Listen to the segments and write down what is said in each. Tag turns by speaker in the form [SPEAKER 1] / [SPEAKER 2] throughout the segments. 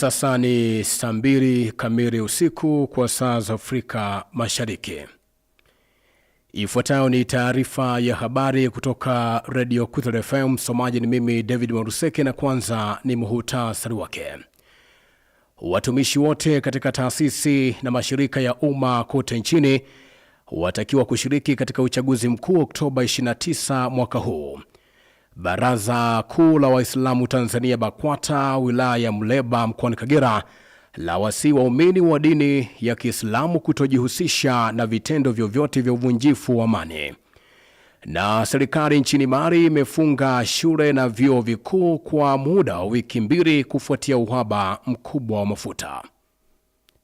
[SPEAKER 1] sasa ni saa mbili kamili usiku kwa saa za Afrika Mashariki. Ifuatayo ni taarifa ya habari kutoka redio Kwizera FM. Msomaji ni mimi David Maruseke, na kwanza ni muhutasari wake. Watumishi wote katika taasisi na mashirika ya umma kote nchini watakiwa kushiriki katika uchaguzi mkuu Oktoba 29 mwaka huu. Baraza Kuu la Waislamu Tanzania BAKWATA wilaya ya Muleba mkoani Kagera la wasii waumini wa dini ya Kiislamu kutojihusisha na vitendo vyovyote vya uvunjifu wa amani. Na serikali nchini Mali imefunga shule na vyuo vikuu kwa muda wa wiki mbili kufuatia uhaba mkubwa wa mafuta.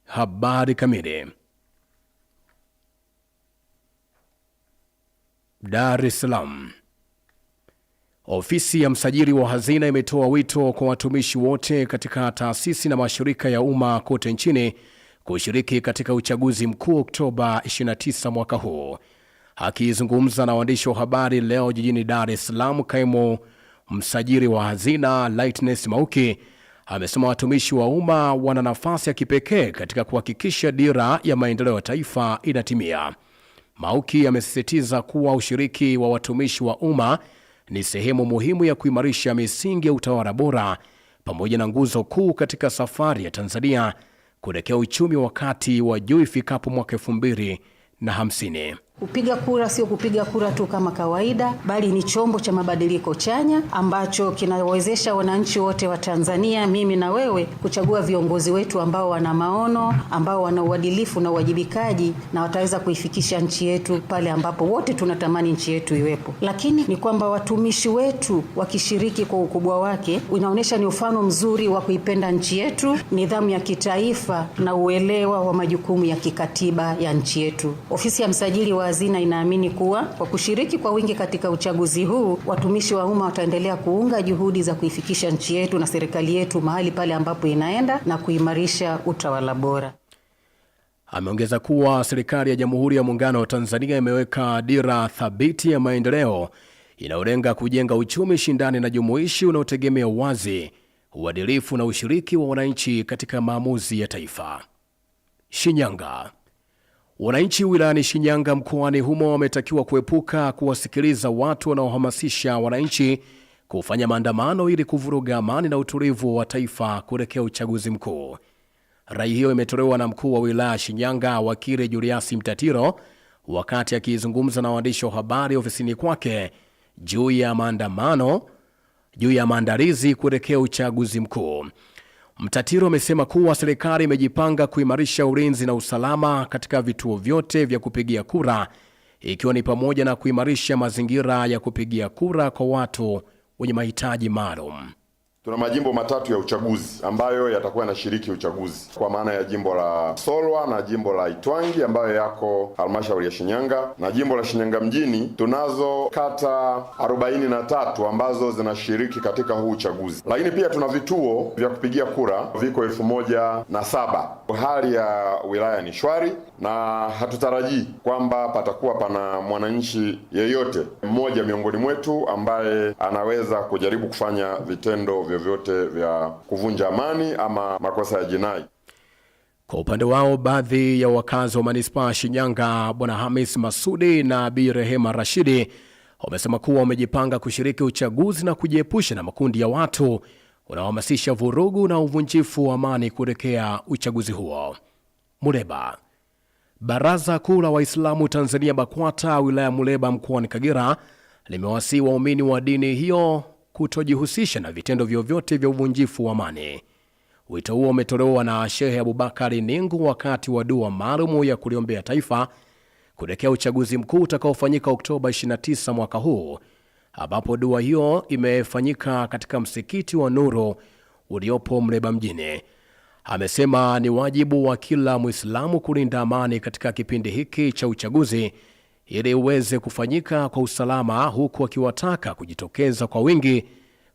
[SPEAKER 1] Habari kamili. Dar es Salaam. Ofisi ya msajili wa hazina imetoa wito kwa watumishi wote katika taasisi na mashirika ya umma kote nchini kushiriki katika uchaguzi mkuu Oktoba 29 mwaka huu. Akizungumza na waandishi wa habari leo jijini Dar es Salaam, kaimu msajili wa hazina Lightness Mauki amesema watumishi wa umma wana nafasi ya kipekee katika kuhakikisha dira ya maendeleo ya taifa inatimia. Mauki amesisitiza kuwa ushiriki wa watumishi wa umma ni sehemu muhimu ya kuimarisha misingi ya utawala bora pamoja na nguzo kuu katika safari ya Tanzania kuelekea uchumi wa kati wa juu ifikapo mwaka elfu mbili na hamsini.
[SPEAKER 2] Kupiga kura sio kupiga kura tu kama kawaida, bali ni chombo cha mabadiliko chanya ambacho kinawezesha wananchi wote wa Tanzania, mimi na wewe, kuchagua viongozi wetu ambao wana maono, ambao wana uadilifu na uwajibikaji, na wataweza kuifikisha nchi yetu pale ambapo wote tunatamani nchi yetu iwepo. Lakini ni kwamba watumishi wetu wakishiriki kwa ukubwa wake, inaonyesha ni mfano mzuri wa kuipenda nchi yetu, nidhamu ya kitaifa na uelewa wa majukumu ya kikatiba ya nchi yetu. Ofisi ya msajili wa hazina inaamini kuwa kwa kushiriki kwa wingi katika uchaguzi huu watumishi wa umma wataendelea kuunga juhudi za kuifikisha nchi yetu na serikali yetu mahali pale ambapo inaenda na kuimarisha utawala bora.
[SPEAKER 1] Ameongeza kuwa serikali ya Jamhuri ya Muungano wa Tanzania imeweka dira thabiti ya maendeleo inayolenga kujenga uchumi shindani na jumuishi unaotegemea uwazi, uadilifu na ushiriki wa wananchi katika maamuzi ya taifa. Shinyanga. Wananchi wilayani Shinyanga mkoani humo wametakiwa kuepuka kuwasikiliza watu wanaohamasisha wananchi kufanya maandamano ili kuvuruga amani na utulivu wa taifa kuelekea uchaguzi mkuu. Rai hiyo imetolewa na mkuu wa wilaya Shinyanga wakili Julius Mtatiro wakati akizungumza na waandishi wa habari ofisini kwake juu ya maandamano juu ya maandalizi kuelekea uchaguzi mkuu. Mtatiro amesema kuwa serikali imejipanga kuimarisha ulinzi na usalama katika vituo vyote vya kupigia kura ikiwa ni pamoja na kuimarisha mazingira ya kupigia kura kwa watu wenye mahitaji maalum.
[SPEAKER 3] Tuna majimbo matatu ya uchaguzi ambayo yatakuwa yanashiriki uchaguzi kwa maana ya jimbo la Solwa na jimbo la Itwangi ambayo yako halmashauri ya Shinyanga na jimbo la Shinyanga mjini. Tunazo kata arobaini na tatu ambazo zinashiriki katika huu uchaguzi, lakini pia tuna vituo vya kupigia kura viko elfu moja na saba. Hali ya wilaya ni shwari na hatutarajii kwamba patakuwa pana mwananchi yeyote mmoja miongoni mwetu ambaye anaweza kujaribu kufanya vitendo vyovyote vya kuvunja amani ama makosa ya jinai.
[SPEAKER 1] Kwa upande wao baadhi ya wakazi wa manispaa Shinyanga, bwana Hamis Masudi na bi Rehema Rashidi wamesema kuwa wamejipanga kushiriki uchaguzi na kujiepusha na makundi ya watu unaohamasisha vurugu na uvunjifu wa amani kuelekea uchaguzi huo. Muleba. Baraza Kuu la Waislamu Tanzania BAKWATA wilaya Muleba mkoani Kagera limewasii waumini wa dini hiyo kutojihusisha na vitendo vyovyote vya uvunjifu wa amani. Wito huo umetolewa na Shehe Abubakari Ningu wakati wa dua maalumu ya kuliombea taifa kuelekea uchaguzi mkuu utakaofanyika Oktoba 29 mwaka huu, ambapo dua hiyo imefanyika katika msikiti wa Nuru uliopo Mreba mjini. Amesema ni wajibu wa kila Mwislamu kulinda amani katika kipindi hiki cha uchaguzi ili uweze kufanyika kwa usalama, huku akiwataka kujitokeza kwa wingi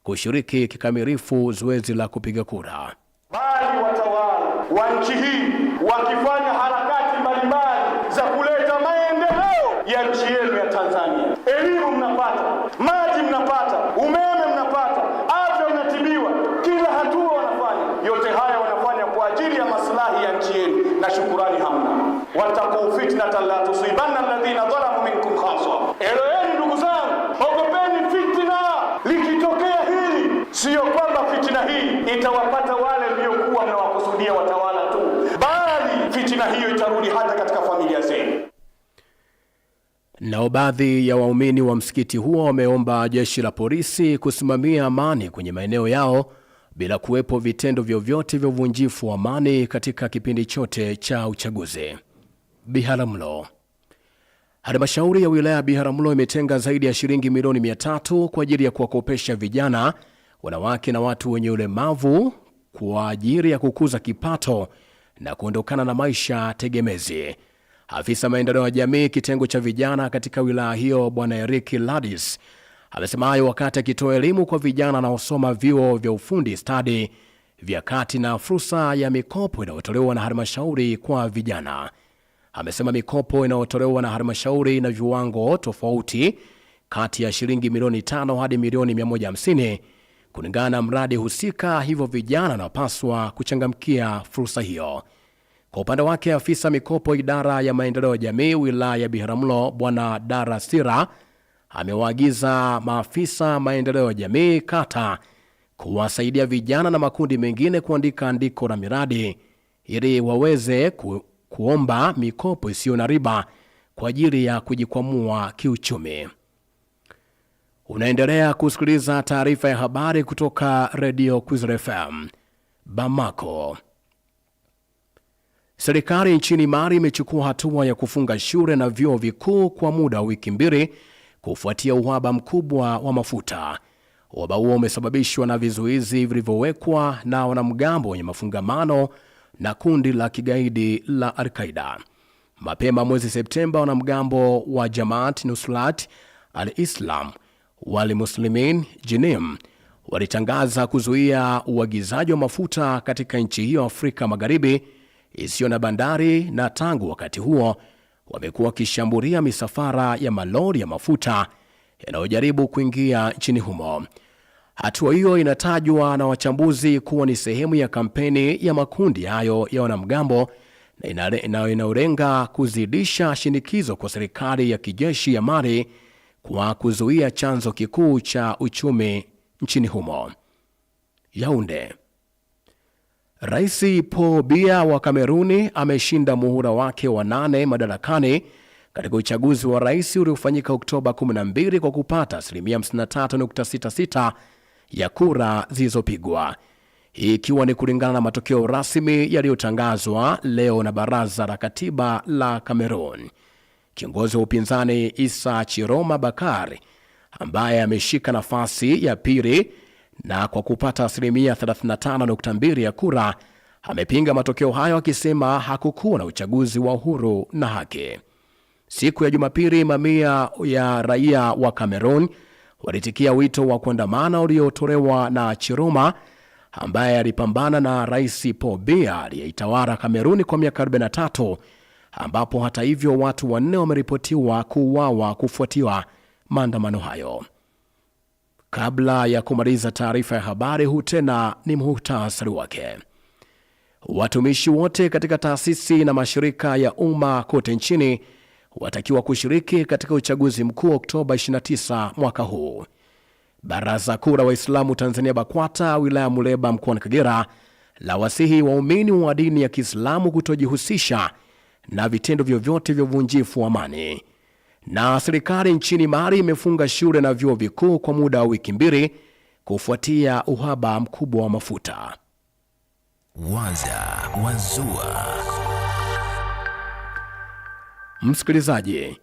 [SPEAKER 1] kushiriki kikamilifu zoezi la kupiga kura.
[SPEAKER 4] Bali watawala wa nchi hii wakifanya harakati mbalimbali za kuleta maendeleo ya nchi yenu ya Tanzania, elimu mnapata, maji mnapata, umeme mnapata, afya inatibiwa, kila hatua wanafanya. Yote haya wanafanya kwa ajili ya maslahi ya nchi yenu, na shukurani hamna wattaqu fitnatan la tusibanna alladhina dhalamu minkum khassa, eleweni ndugu zangu, ogopeni fitna. Likitokea hili, siyo kwamba fitna hii itawapata wale na wakusudia watawala tu, bali fitna hiyo itarudi hata katika familia zenu.
[SPEAKER 1] Nao baadhi ya waumini wa msikiti huo wameomba jeshi la polisi kusimamia amani kwenye maeneo yao bila kuwepo vitendo vyovyote vya uvunjifu wa amani katika kipindi chote cha uchaguzi. Biharamulo. Halmashauri ya wilaya ya Biharamulo imetenga zaidi ya shilingi milioni 300 kwa ajili ya kuwakopesha vijana, wanawake na watu wenye ulemavu kwa ajili ya kukuza kipato na kuondokana na maisha tegemezi. Afisa maendeleo ya jamii kitengo cha vijana katika wilaya hiyo Bwana Eric Ladis amesema hayo wakati akitoa elimu kwa vijana wanaosoma vyuo vya ufundi stadi vya kati na fursa ya mikopo inayotolewa na halmashauri kwa vijana amesema mikopo inayotolewa na halmashauri na viwango tofauti kati ya shilingi milioni tano hadi milioni 150 kulingana na mradi husika, hivyo vijana wanapaswa kuchangamkia fursa hiyo. Kwa upande wake, afisa mikopo idara ya maendeleo ya jamii wilaya ya Biharamulo Bwana Dara Sira amewaagiza maafisa maendeleo ya jamii kata kuwasaidia vijana na makundi mengine kuandika andiko la miradi ili waweze ku kuomba mikopo isiyo na riba kwa ajili ya kujikwamua kiuchumi. Unaendelea kusikiliza taarifa ya habari kutoka Radio Kwizera FM Bamako. Serikali nchini Mali imechukua hatua ya kufunga shule na vyuo vikuu kwa muda wa wiki mbili kufuatia uhaba mkubwa wa mafuta. Uhaba huo umesababishwa na vizuizi vilivyowekwa na wanamgambo wenye mafungamano na kundi la kigaidi la Alqaida. Mapema mwezi Septemba, wanamgambo wa Jamaat nuslat al-Islam wal Muslimin Jinim walitangaza kuzuia uagizaji wa mafuta katika nchi hiyo Afrika Magharibi isiyo na bandari, na tangu wakati huo wamekuwa wakishambulia misafara ya malori ya mafuta yanayojaribu kuingia nchini humo. Hatua hiyo inatajwa na wachambuzi kuwa ni sehemu ya kampeni ya makundi hayo ya wanamgambo na inayolenga kuzidisha shinikizo kwa serikali ya kijeshi ya Mali kwa kuzuia chanzo kikuu cha uchumi nchini humo. Yaunde. Rais Paul Biya wa Kameruni ameshinda muhula wake wa nane madarakani katika uchaguzi wa rais uliofanyika Oktoba 12 kwa kupata asilimia 53.66 ya kura zilizopigwa, ikiwa ni kulingana na matokeo rasmi yaliyotangazwa leo na baraza la katiba la Cameroon. Kiongozi wa upinzani Isa Chiroma Bakari ambaye ameshika nafasi ya pili na kwa kupata asilimia 35.2 ya kura amepinga matokeo hayo akisema hakukuwa na uchaguzi wa uhuru na haki. Siku ya Jumapili, mamia ya raia wa Cameroon walitikia wito wa kuandamana uliotolewa na Chiruma ambaye alipambana na Rais Paul Biya aliyeitawala Kameruni kwa miaka 43 ambapo hata hivyo watu wanne wameripotiwa kuuawa kufuatiwa maandamano hayo. Kabla ya kumaliza taarifa ya habari, huu tena ni muhtasari wake. Watumishi wote katika taasisi na mashirika ya umma kote nchini watakiwa kushiriki katika uchaguzi mkuu Oktoba 29 mwaka huu. Baraza Kuu la Waislamu Tanzania BAKWATA wilaya Muleba mkoani Kagera la wasihi waumini wa dini ya Kiislamu kutojihusisha na vitendo vyovyote vya uvunjifu wa amani. Na serikali nchini Mali imefunga shule na vyuo vikuu kwa muda wa wiki mbili kufuatia uhaba mkubwa wa mafuta.
[SPEAKER 5] Waza Wazua.
[SPEAKER 1] Msikilizaji,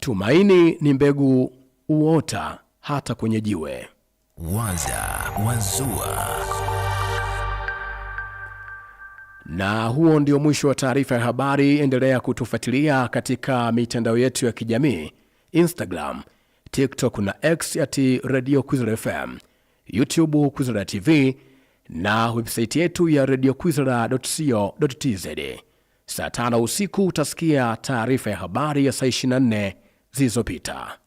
[SPEAKER 1] tumaini ni mbegu uota hata kwenye jiwe.
[SPEAKER 5] Waza Wazua.
[SPEAKER 1] Na huo ndio mwisho wa taarifa ya habari. Endelea kutufuatilia katika mitandao yetu ya kijamii Instagram, TikTok na X at Radio Kwizera FM, YouTube Kwizera TV na websaiti yetu ya Radio Kwizera co tz. Saa tano usiku utasikia taarifa ya habari ya saa 24 zilizopita.